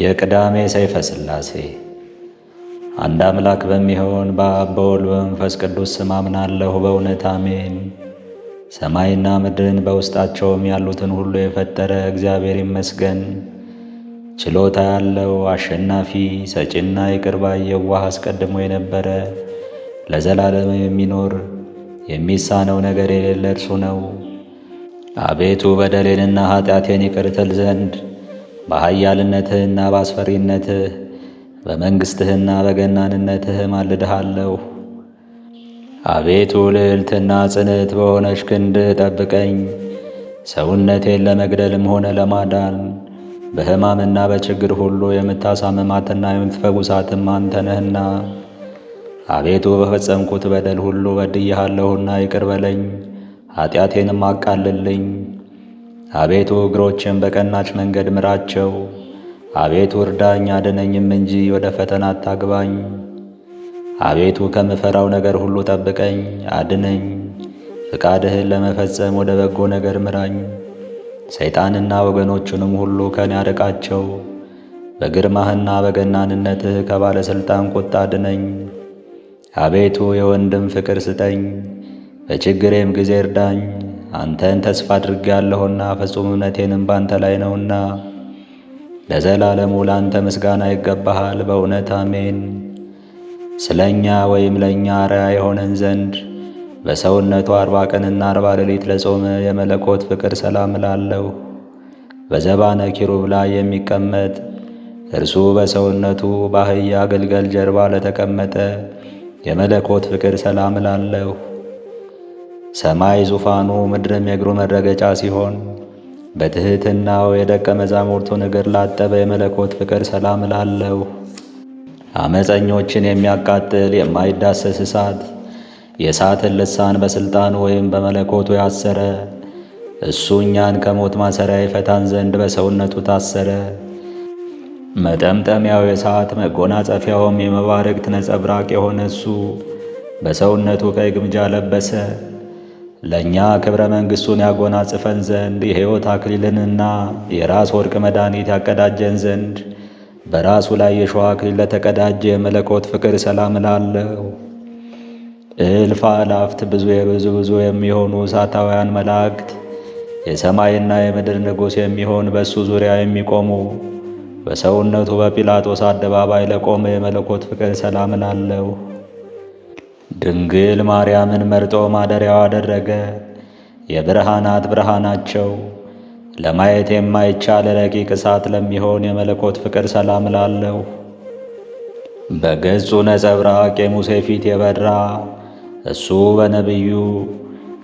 የቅዳሜ ሰይፈ ሥላሴ አንድ አምላክ በሚሆን በአብ በወልድ በመንፈስ ቅዱስ ስም አምናለሁ፣ በእውነት አሜን። ሰማይና ምድርን በውስጣቸውም ያሉትን ሁሉ የፈጠረ እግዚአብሔር ይመስገን። ችሎታ ያለው አሸናፊ፣ ሰጪና ይቅርባ የዋህ አስቀድሞ የነበረ ለዘላለም የሚኖር የሚሳነው ነገር የሌለ እርሱ ነው። አቤቱ በደሌንና ኃጢአቴን ይቅርትል ዘንድ በኃያልነትህና በአስፈሪነትህ በመንግሥትህና በገናንነትህ ማልድሃለሁ። አቤቱ ልዕልትና ጽንት በሆነች ክንድህ ጠብቀኝ። ሰውነቴን ለመግደልም ሆነ ለማዳን በሕማምና በችግር ሁሉ የምታሳምማትና የምትፈውሳትም አንተ ነህና አቤቱ በፈጸምኩት በደል ሁሉ በድያለሁና ይቅር በለኝ፣ ኃጢአቴንም አቃልልኝ። አቤቱ እግሮችን በቀናች መንገድ ምራቸው። አቤቱ እርዳኝ አድነኝም እንጂ ወደ ፈተና አታግባኝ። አቤቱ ከምፈራው ነገር ሁሉ ጠብቀኝ አድነኝ። ፍቃድህን ለመፈጸም ወደ በጎ ነገር ምራኝ። ሰይጣንና ወገኖቹንም ሁሉ ከኔ አርቃቸው። በግርማህና በገናንነትህ ከባለሥልጣን ቁጣ አድነኝ። አቤቱ የወንድም ፍቅር ስጠኝ፣ በችግሬም ጊዜ እርዳኝ። አንተን ተስፋ አድርጌያለሁና ፍጹም እምነቴንም ባንተ ላይ ነውና ለዘላለሙ ለአንተ ምስጋና ይገባሃል። በእውነት አሜን። ስለ እኛ ወይም ለእኛ አርያ የሆነን ዘንድ በሰውነቱ አርባ ቀንና አርባ ሌሊት ለጾመ የመለኮት ፍቅር ሰላም እላለሁ። በዘባነ ኪሩብ ላይ የሚቀመጥ እርሱ በሰውነቱ በአህያ ግልገል ጀርባ ለተቀመጠ የመለኮት ፍቅር ሰላም እላለሁ። ሰማይ ዙፋኑ ምድርም የእግሩ መረገጫ ሲሆን በትሕትናው የደቀ መዛሙርቱን እግር ላጠበ የመለኮት ፍቅር ሰላም እላለሁ። አመፀኞችን የሚያቃጥል የማይዳሰስ እሳት የእሳትን ልሳን በሥልጣኑ ወይም በመለኮቱ ያሰረ እሱ እኛን ከሞት ማሰሪያ ይፈታን ዘንድ በሰውነቱ ታሰረ። መጠምጠሚያው የእሳት መጎናጸፊያውም የመባረክት ነጸብራቅ የሆነ እሱ በሰውነቱ ቀይ ግምጃ ለበሰ። ለእኛ ክብረ መንግሥቱን ያጎናጽፈን ዘንድ የሕይወት አክሊልንና የራስ ወርቅ መድኃኒት ያቀዳጀን ዘንድ በራሱ ላይ የሸዋ አክሊል ለተቀዳጀ የመለኮት ፍቅር ሰላም እላለሁ። እልፍ አላፍት ብዙ የብዙ ብዙ የሚሆኑ እሳታውያን መላእክት የሰማይና የምድር ንጉሥ የሚሆን በእሱ ዙሪያ የሚቆሙ በሰውነቱ በጲላጦስ አደባባይ ለቆመ የመለኮት ፍቅር ሰላም እላለሁ። ድንግል ማርያምን መርጦ ማደሪያው አደረገ። የብርሃናት ብርሃናቸው ለማየት የማይቻል ረቂቅ እሳት ለሚሆን የመለኮት ፍቅር ሰላም ላለው በገጹ ነጸብራቅ የሙሴ ፊት የበራ እሱ በነቢዩ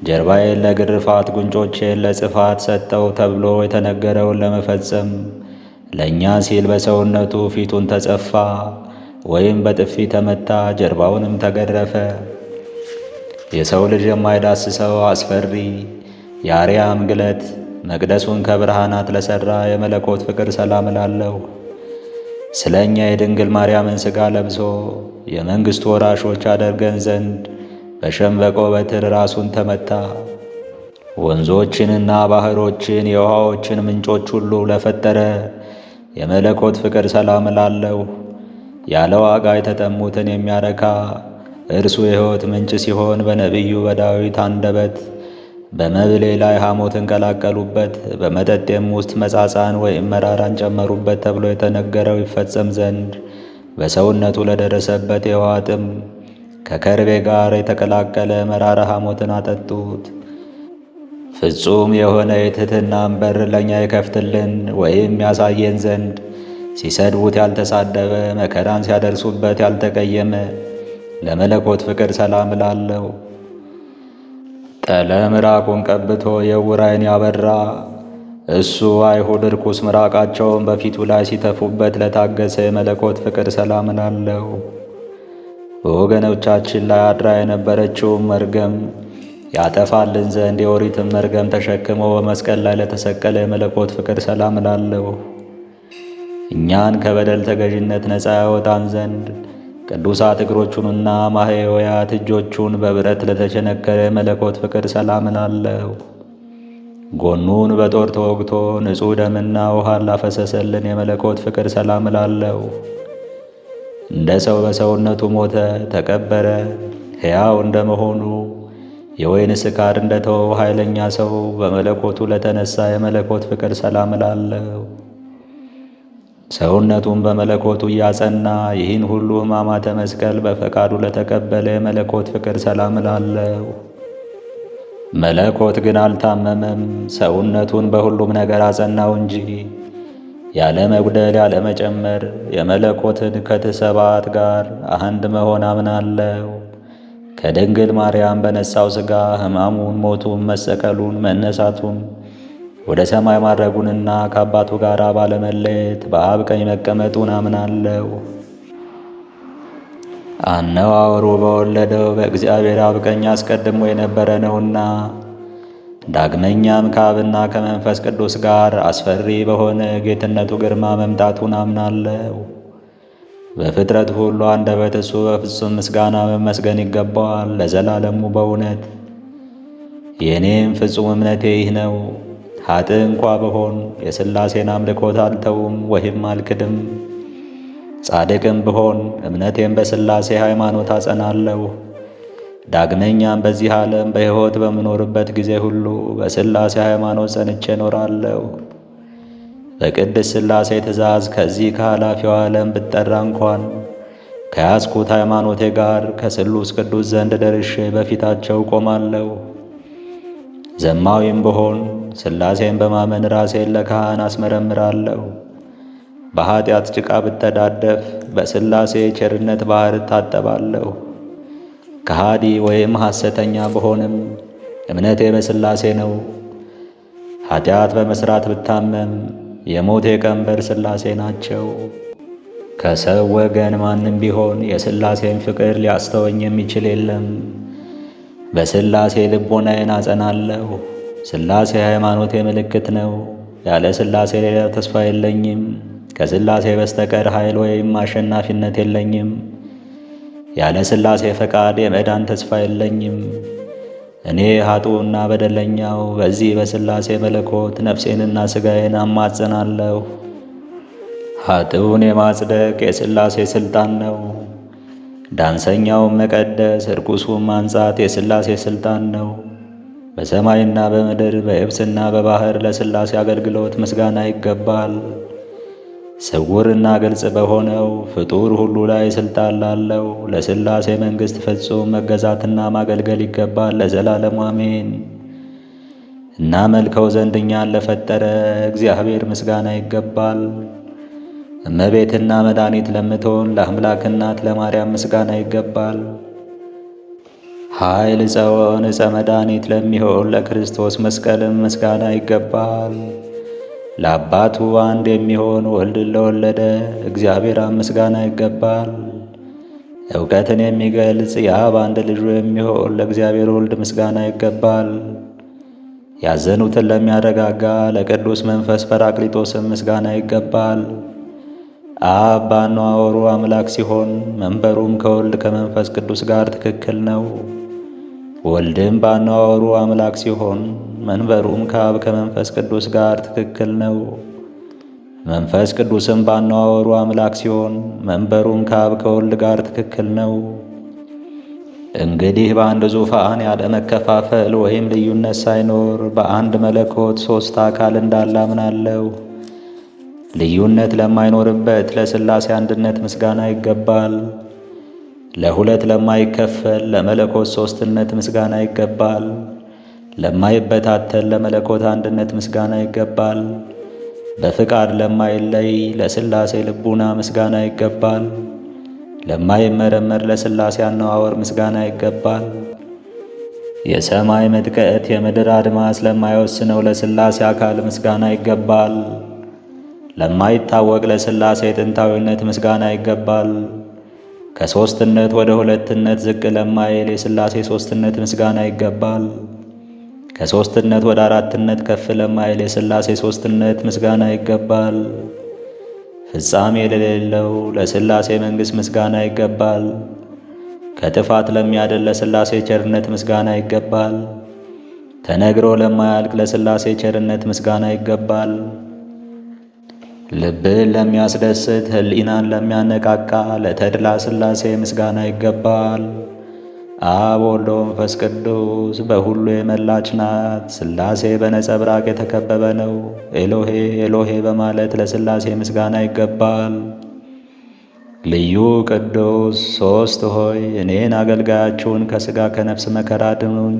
ጀርባዬን ለግርፋት ጉንጮቼን ለጽፋት ሰጠው ተብሎ የተነገረውን ለመፈጸም ለእኛ ሲል በሰውነቱ ፊቱን ተጸፋ። ወይም በጥፊ ተመታ፣ ጀርባውንም ተገረፈ። የሰው ልጅ የማይዳስሰው አስፈሪ የአርያም ግለት መቅደሱን ከብርሃናት ለሠራ የመለኮት ፍቅር ሰላም እላለሁ። ስለ እኛ የድንግል ማርያምን ሥጋ ለብሶ የመንግሥቱ ወራሾች አደርገን ዘንድ በሸንበቆ በትር ራሱን ተመታ። ወንዞችንና ባሕሮችን የውሃዎችን ምንጮች ሁሉ ለፈጠረ የመለኮት ፍቅር ሰላም እላለሁ። ያለ ዋጋ የተጠሙትን የሚያረካ እርሱ የሕይወት ምንጭ ሲሆን በነቢዩ በዳዊት አንደበት በመብሌ ላይ ሐሞትን ቀላቀሉበት፣ በመጠጤም ውስጥ መጻጻን ወይም መራራን ጨመሩበት ተብሎ የተነገረው ይፈጸም ዘንድ በሰውነቱ ለደረሰበት የውሃ ጥም ከከርቤ ጋር የተቀላቀለ መራራ ሐሞትን አጠጡት። ፍጹም የሆነ የትሕትናን በር ለእኛ ይከፍትልን ወይም ያሳየን ዘንድ ሲሰድቡት ያልተሳደበ መከራን ሲያደርሱበት ያልተቀየመ ለመለኮት ፍቅር ሰላም እላለሁ። ጠለ ምራቁን ቀብቶ የውራይን ያበራ እሱ አይሁድ ርኩስ ምራቃቸውን በፊቱ ላይ ሲተፉበት ለታገሰ የመለኮት ፍቅር ሰላም እላለሁ። በወገኖቻችን ላይ አድራ የነበረችውን መርገም ያጠፋልን ዘንድ የኦሪትን መርገም ተሸክሞ በመስቀል ላይ ለተሰቀለ የመለኮት ፍቅር ሰላም እላለሁ። እኛን ከበደል ተገዥነት ነፃ ያወጣን ዘንድ ቅዱሳት እግሮቹንና ማህወያት እጆቹን በብረት ለተቸነከረ መለኮት ፍቅር ሰላም እላለሁ። ጎኑን በጦር ተወግቶ ንጹሕ ደምና ውሃ ላፈሰሰልን የመለኮት ፍቅር ሰላም እላለሁ። እንደ ሰው በሰውነቱ ሞተ፣ ተቀበረ። ሕያው እንደመሆኑ የወይን ስካር እንደተወው ኃይለኛ ሰው በመለኮቱ ለተነሳ የመለኮት ፍቅር ሰላም እላለሁ። ሰውነቱን በመለኮቱ እያጸና ይህን ሁሉ ሕማማተ መስቀል በፈቃዱ ለተቀበለ የመለኮት ፍቅር ሰላም እላለሁ። መለኮት ግን አልታመመም፣ ሰውነቱን በሁሉም ነገር አጸናው እንጂ ያለ መጉደል ያለ መጨመር የመለኮትን ከትሰባት ጋር አንድ መሆን አምናለሁ። ከድንግል ማርያም በነሳው ሥጋ ሕማሙን፣ ሞቱን፣ መሰቀሉን፣ መነሳቱን ወደ ሰማይ ማድረጉንና ከአባቱ ጋር ባለመለየት በአብ ቀኝ መቀመጡን አምናለሁ። አነዋወሩ በወለደው በእግዚአብሔር አብ ቀኝ አስቀድሞ የነበረ ነውና ዳግመኛም ከአብና ከመንፈስ ቅዱስ ጋር አስፈሪ በሆነ ጌትነቱ ግርማ መምጣቱን አምናለሁ። በፍጥረት ሁሉ አንደበት እሱ በፍጹም ምስጋና መመስገን ይገባዋል ለዘላለሙ በእውነት የእኔም ፍጹም እምነቴ ይህ ነው። ኃጥ እንኳ ብሆን የሥላሴን አምልኮት አልተውም ወይም አልክድም። ጻድቅም ብሆን እምነቴን በሥላሴ ሃይማኖት አጸናለሁ። ዳግመኛም በዚህ ዓለም በሕይወት በምኖርበት ጊዜ ሁሉ በሥላሴ ሃይማኖት ጸንቼ እኖራለሁ። በቅድስ ሥላሴ ትእዛዝ ከዚህ ከኃላፊው ዓለም ብጠራ እንኳን ከያዝኩት ሃይማኖቴ ጋር ከስሉስ ቅዱስ ዘንድ ደርሼ በፊታቸው ቆማለሁ። ዘማዊም ብሆን ሥላሴን በማመን ራሴን ለካህን አስመረምራለሁ። በኀጢአት ጭቃ ብተዳደፍ በሥላሴ ቸርነት ባሕር እታጠባለሁ። ከሃዲ ወይም ሐሰተኛ በሆንም እምነቴ በሥላሴ ነው። ኀጢአት በመሥራት ብታመም የሞቴ ቀንበር ሥላሴ ናቸው። ከሰው ወገን ማንም ቢሆን የሥላሴን ፍቅር ሊያስተወኝ የሚችል የለም። በሥላሴ ልቦናዬን አጸናለሁ። ስላሴ ሃይማኖት የምልክት ነው። ያለ ስላሴ ሌላ ተስፋ የለኝም። ከስላሴ በስተቀር ኃይል ወይም አሸናፊነት የለኝም። ያለ ስላሴ ፈቃድ የመዳን ተስፋ የለኝም። እኔ ሀጡና በደለኛው በዚህ በስላሴ መለኮት ነፍሴንና ስጋዬን አማጽናለሁ። ሀጡን የማጽደቅ የስላሴ ስልጣን ነው። ዳንሰኛውን መቀደስ፣ ርኩሱን ማንጻት የስላሴ ስልጣን ነው። በሰማይና በምድር በየብስና በባህር ለሥላሴ አገልግሎት ምስጋና ይገባል። ስውርና ግልጽ በሆነው ፍጡር ሁሉ ላይ ሥልጣን ላለው ለሥላሴ መንግሥት ፍጹም መገዛትና ማገልገል ይገባል ለዘላለሙ አሜን። እናመልከው ዘንድ እኛን ለፈጠረ እግዚአብሔር ምስጋና ይገባል። እመቤትና መድኃኒት ለምትሆን ለአምላክ እናት ለማርያም ምስጋና ይገባል። ኃይል ዘወን ዕፀ መድኃኒት ለሚሆን ለክርስቶስ መስቀልም ምስጋና ይገባል። ለአባቱ አንድ የሚሆን ወልድን ለወለደ እግዚአብሔር ምስጋና ይገባል። እውቀትን የሚገልጽ የአብ አንድ ልጁ የሚሆን ለእግዚአብሔር ወልድ ምስጋና ይገባል። ያዘኑትን ለሚያረጋጋ ለቅዱስ መንፈስ ጰራቅሊጦስም ምስጋና ይገባል። አብ በአነዋወሩ አምላክ ሲሆን መንበሩም ከወልድ ከመንፈስ ቅዱስ ጋር ትክክል ነው። ወልድም በአነዋወሩ አምላክ ሲሆን መንበሩም ከአብ ከመንፈስ ቅዱስ ጋር ትክክል ነው። መንፈስ ቅዱስም በአነዋወሩ አምላክ ሲሆን መንበሩም ከአብ ከወልድ ጋር ትክክል ነው። እንግዲህ በአንድ ዙፋን ያለ መከፋፈል ወይም ልዩነት ሳይኖር በአንድ መለኮት ሦስት አካል እንዳለ አምናለሁ። ልዩነት ለማይኖርበት ለሥላሴ አንድነት ምስጋና ይገባል። ለሁለት ለማይከፈል ለመለኮት ሦስትነት ምስጋና ይገባል። ለማይበታተል ለመለኮት አንድነት ምስጋና ይገባል። በፍቃድ ለማይለይ ለሥላሴ ልቡና ምስጋና ይገባል። ለማይመረመር ለሥላሴ አነዋወር ምስጋና ይገባል። የሰማይ ምጥቀት የምድር አድማስ ለማይወስነው ለሥላሴ አካል ምስጋና ይገባል። ለማይታወቅ ለሥላሴ ጥንታዊነት ምስጋና ይገባል። ከሦስትነት ወደ ሁለትነት ዝቅ ለማይል የሥላሴ ሦስትነት ምስጋና ይገባል። ከሦስትነት ወደ አራትነት ከፍ ለማይል የሥላሴ ሦስትነት ምስጋና ይገባል። ፍጻሜ ለሌለው ለሥላሴ መንግሥት ምስጋና ይገባል። ከጥፋት ለሚያደል ለሥላሴ ቸርነት ምስጋና ይገባል። ተነግሮ ለማያልቅ ለሥላሴ ቸርነት ምስጋና ይገባል። ልብን ለሚያስደስት ህሊናን ለሚያነቃቃ ለተድላ ስላሴ ምስጋና ይገባል። አብ ወልድ መንፈስ ቅዱስ በሁሉ የመላች ናት። ስላሴ በነጸብራቅ የተከበበ ነው። ኤሎሄ ኤሎሄ በማለት ለስላሴ ምስጋና ይገባል። ልዩ ቅዱስ ሶስት ሆይ እኔን አገልጋያችሁን ከሥጋ ከነፍስ መከራ ድኑኝ።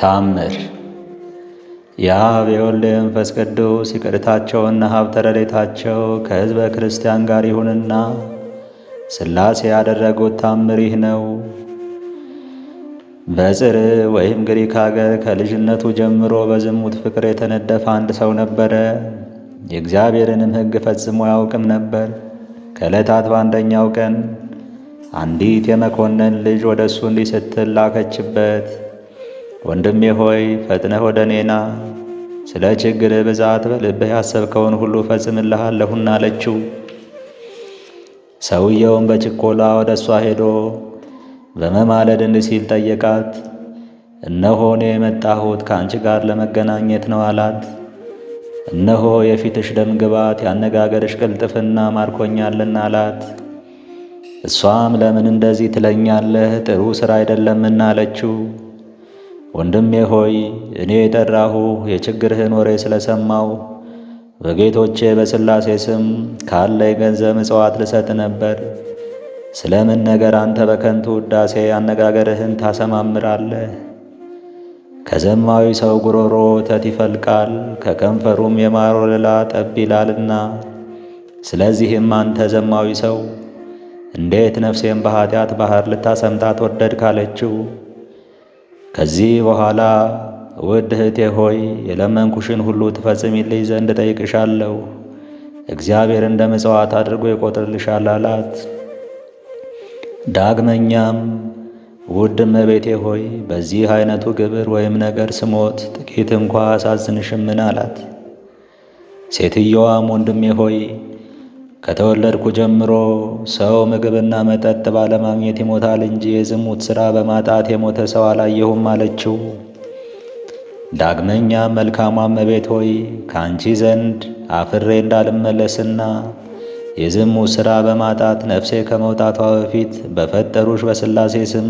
ታምር የአብ የወልድ መንፈስ ቅዱስ ይቅርታቸውና ሀብተ ረድኤታቸው ከሕዝበ ክርስቲያን ጋር ይሁንና ሥላሴ ያደረጉት ታምር ይህ ነው። በጽር ወይም ግሪክ አገር ከልጅነቱ ጀምሮ በዝሙት ፍቅር የተነደፈ አንድ ሰው ነበረ። የእግዚአብሔርንም ሕግ ፈጽሞ ያውቅም ነበር። ከዕለታት በአንደኛው ቀን አንዲት የመኮንን ልጅ ወደ እሱ እንዲህ ስትል ላከችበት፣ ወንድሜ ሆይ ፈጥነህ ወደ እኔና ስለ ችግር ብዛት በልብህ ያሰብከውን ሁሉ ፈጽምልሃለሁና አለችው። ሰውየውም በችኮላ ወደ እሷ ሄዶ በመማለድ እንዲህ ሲል ጠየቃት። እነሆ እኔ የመጣሁት ከአንቺ ጋር ለመገናኘት ነው አላት። እነሆ የፊትሽ ደም ግባት ያነጋገርሽ ቅልጥፍና ማርኮኛልና አላት። እሷም ለምን እንደዚህ ትለኛለህ? ጥሩ ሥራ አይደለምና አለችው። ወንድሜ ሆይ እኔ የጠራሁ የችግርህን ወሬ ስለሰማሁ በጌቶቼ በሥላሴ ስም ካለ የገንዘብ ምጽዋት ልሰጥ ነበር። ስለምን ነገር አንተ በከንቱ ውዳሴ አነጋገርህን ታሰማምራለህ? ከዘማዊ ሰው ጉሮሮ ወተት ይፈልቃል፣ ከከንፈሩም የማር ወለላ ጠብ ይላልና። ስለዚህም አንተ ዘማዊ ሰው እንዴት ነፍሴን በኃጢአት ባሕር ልታሰምጣት ወደድ ካለችው ከዚህ በኋላ ውድ እህቴ ሆይ የለመንኩሽን ሁሉ ትፈጽሚልኝ ዘንድ ጠይቅሻለሁ፣ እግዚአብሔር እንደ ምጽዋት አድርጎ ይቆጥርልሻል አላት። ዳግመኛም ውድ እመቤቴ ሆይ በዚህ አይነቱ ግብር ወይም ነገር ስሞት ጥቂት እንኳ አሳዝንሽምን አላት። ሴትየዋም ወንድሜ ሆይ ከተወለድኩ ጀምሮ ሰው ምግብና መጠጥ ባለማግኘት ይሞታል እንጂ የዝሙት ሥራ በማጣት የሞተ ሰው አላየሁም አለችው። ዳግመኛ መልካሟ እመቤት ሆይ ከአንቺ ዘንድ አፍሬ እንዳልመለስና የዝሙት ሥራ በማጣት ነፍሴ ከመውጣቷ በፊት በፈጠሩሽ በሥላሴ ስም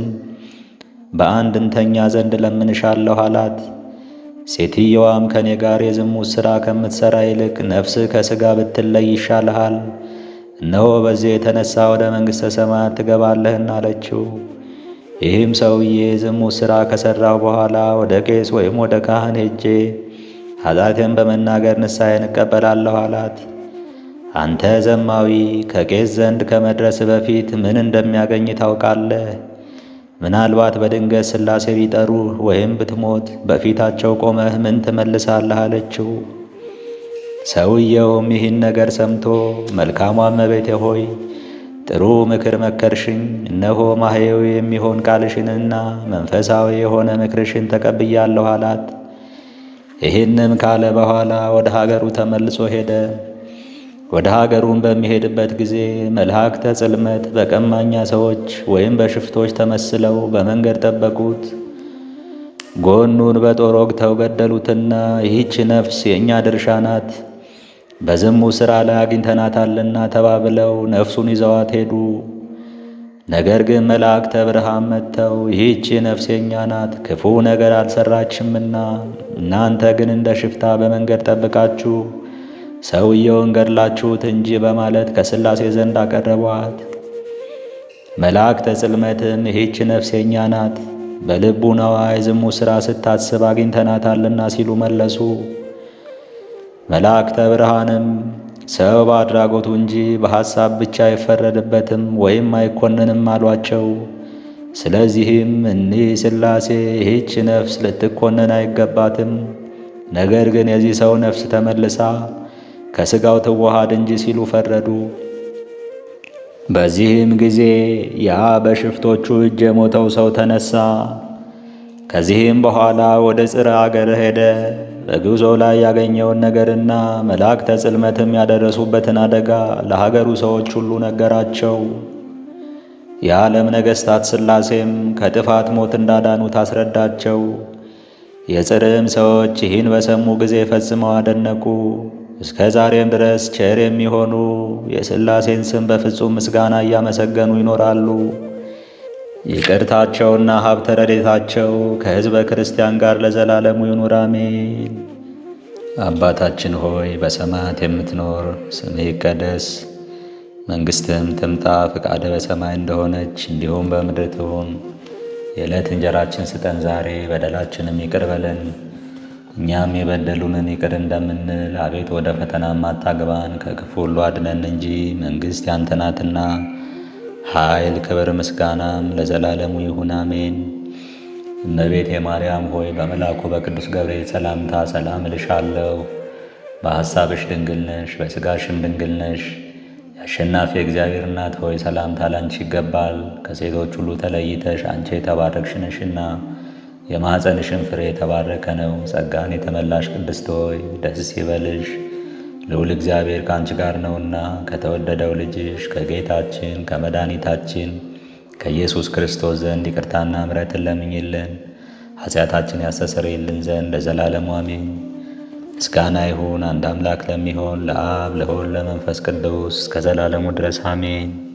በአንድ እንተኛ ዘንድ ለምንሻለሁ አላት። ሴትየዋም ከእኔ ጋር የዝሙት ሥራ ከምትሠራ ይልቅ ነፍስህ ከሥጋ ብትለይ ይሻልሃል፣ እነሆ በዚህ የተነሣ ወደ መንግሥተ ሰማያት ትገባለህና አለችው። ይህም ሰውዬ የዝሙት ሥራ ከሠራው በኋላ ወደ ቄስ ወይም ወደ ካህን ሄጄ ኃጢአቴን በመናገር ንስሐዬን እቀበላለሁ አላት። አንተ ዘማዊ ከቄስ ዘንድ ከመድረስ በፊት ምን እንደሚያገኝ ታውቃለህ? ምናልባት በድንገት ሥላሴ ቢጠሩ ወይም ብትሞት በፊታቸው ቆመህ ምን ትመልሳለህ አለችው። ሰውየውም ይህን ነገር ሰምቶ መልካሟ እመቤቴ ሆይ ጥሩ ምክር መከርሽኝ፣ እነሆ ማህየዊ የሚሆን ቃልሽንና መንፈሳዊ የሆነ ምክርሽን ተቀብያለሁ አላት። ይህንም ካለ በኋላ ወደ ሀገሩ ተመልሶ ሄደ። ወደ ሀገሩን በሚሄድበት ጊዜ መልአክተ ጽልመት በቀማኛ ሰዎች ወይም በሽፍቶች ተመስለው በመንገድ ጠበቁት። ጎኑን በጦር ወግተው ገደሉትና ይህች ነፍስ የእኛ ድርሻ ናት፣ በዝሙ ሥራ ላይ አግኝተናታልና ተባብለው ነፍሱን ይዘዋት ሄዱ። ነገር ግን መላእክተ ብርሃን መጥተው ይህች ነፍስ የእኛ ናት፣ ክፉ ነገር አልሰራችምና እናንተ ግን እንደ ሽፍታ በመንገድ ጠብቃችሁ ሰውየውን ገድላችሁት እንጂ በማለት ከሥላሴ ዘንድ አቀረቧት። መላእክተ ጽልመትም ይህች ነፍስ የእኛ ናት፣ በልቡናዋ የዝሙ ሥራ ስታስብ አግኝተናታልና ሲሉ መለሱ። መላእክተ ብርሃንም ሰው በአድራጎቱ እንጂ በሐሳብ ብቻ አይፈረድበትም ወይም አይኮንንም አሏቸው። ስለዚህም እኒህ ሥላሴ ይህች ነፍስ ልትኮነን አይገባትም። ነገር ግን የዚህ ሰው ነፍስ ተመልሳ ከሥጋው ትዋሃድ እንጂ ሲሉ ፈረዱ። በዚህም ጊዜ ያ በሽፍቶቹ እጅ የሞተው ሰው ተነሳ። ከዚህም በኋላ ወደ ጽር አገር ሄደ። በጉዞው ላይ ያገኘውን ነገርና መላእክተ ጽልመትም ያደረሱበትን አደጋ ለሀገሩ ሰዎች ሁሉ ነገራቸው። የዓለም ነገሥታት ሥላሴም ከጥፋት ሞት እንዳዳኑት አስረዳቸው። የጽርም ሰዎች ይህን በሰሙ ጊዜ ፈጽመው አደነቁ። እስከ ዛሬም ድረስ ቸር የሚሆኑ የሥላሴን ስም በፍጹም ምስጋና እያመሰገኑ ይኖራሉ። ይቅርታቸውና ሀብተ ረዴታቸው ከሕዝበ ክርስቲያን ጋር ለዘላለሙ ይኑር አሜን። አባታችን ሆይ በሰማያት የምትኖር ስምህ ይቀደስ፣ መንግሥትም ትምጣ፣ ፈቃድህ በሰማይ እንደሆነች እንዲሁም በምድር ትሁን። የዕለት እንጀራችን ስጠን ዛሬ፣ በደላችንም ይቅር በለን እኛም የበደሉንን ይቅር እንደምንል አቤት ወደ ፈተና ማታግባን ከክፉ ሁሉ አድነን እንጂ መንግሥት ያንተ ናትና ኃይል፣ ክብር፣ ምስጋናም ለዘላለሙ ይሁን አሜን። እመቤቴ ማርያም ሆይ በመልአኩ በቅዱስ ገብርኤል ሰላምታ ሰላም እልሻለሁ። በሐሳብሽ ድንግል ነሽ፣ በሥጋሽም ድንግል ነሽ። የአሸናፊ እግዚአብሔር እናት ሆይ ሰላምታ ላንቺ ይገባል። ከሴቶች ሁሉ ተለይተሽ አንቺ የተባረክሽ ነሽና የማኅፀንሽን ፍሬ የተባረከ ነው። ጸጋን የተመላሽ ቅድስት ሆይ ደስ ይበልሽ፣ ልዑል እግዚአብሔር ከአንቺ ጋር ነውና ከተወደደው ልጅሽ ከጌታችን ከመድኃኒታችን ከኢየሱስ ክርስቶስ ዘንድ ይቅርታና ምሕረትን ለምኝልን ኃጢአታችን ያስተሰርይልን ዘንድ ለዘላለሙ አሜን። ምስጋና ይሁን አንድ አምላክ ለሚሆን ለአብ ለሆን ለመንፈስ ቅዱስ እስከ ዘላለሙ ድረስ አሜን።